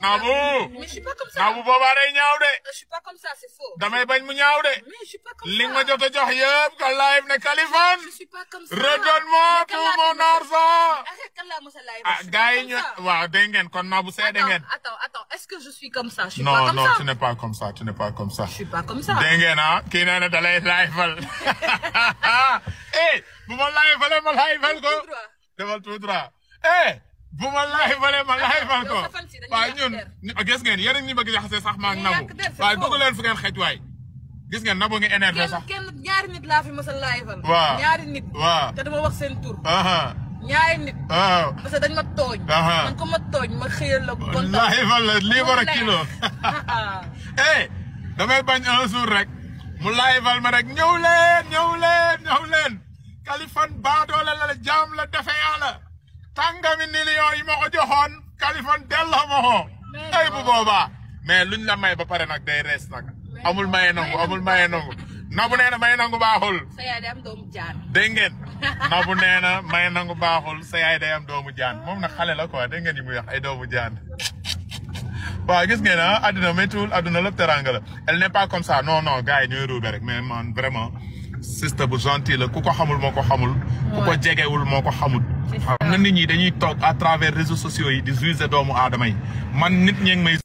Nabou. mais je suis pas comme ça Nabou boobaa day je suis pas comme ça c'est faux. damay bañ mu ñaaw mais je suis pas comme ça li nga jox yëpp ko live ne ah, califane. je suis pas comme ça redonne-moi tout mon argent. ah gars yi ñu wa dégg ngeen kon Nabou seede ngeen. attends attends est-ce que je suis comme ça. je suis pas comme ça non non tu n'es pas comme ça tu n'es pas comme ça. je suis pas comme ça dégg ngeen ah kii na dalay live. liveal. eh bu ma livealee ma liveal ko. defal tout droit eh. bu ma laay balee ma laay bal ko waaye ñun gis ngeen yéen a ngi ñu bëgg jaxase sax maa ngi nangu waaye gen leen fi ngeen xëj waay gis ngeen nabo ngi énervé sax kenn ñaari nit laa fi mos a laay bal waaw ñaari nit waaw te dama wax seen tur ma tooñ man ko ma tooñ ma xëyal la bon laay bal la lii war kilo eh damay bañ un rek mu laay bal rek ñëw leen ñëw leen ñëw leen Kaliphone baadoole la la jaam la defeyaa la tàngami millions yi ma ko joxoon Kaliphone delloo ma ko ay bu boobaa mais luñ la may ba pare nag day rees nag amul maye nangu amul maye nangu nabu nee na may nangu baaxul sa yaay day am doomu jaan dégg ngeen nabu nee na may nangu baaxul sa yaay day am doomu jaan moom na xale la ko dégg ngeen yi muy wax ay doomu jaan waaw gis ngeen ah adduna méttiwul adduna lépp teranga la elle n'est pas comme ça non non yi ñooy ruube rek mais man vraiment sister bu gentil la ku ko xamul moo ko xamul ku ko jegewul moo ko xamul xam nga nit ñi dañuy toog à travers réseaux sociaux yi di juger doomu aadama yi man nit ñee ngi may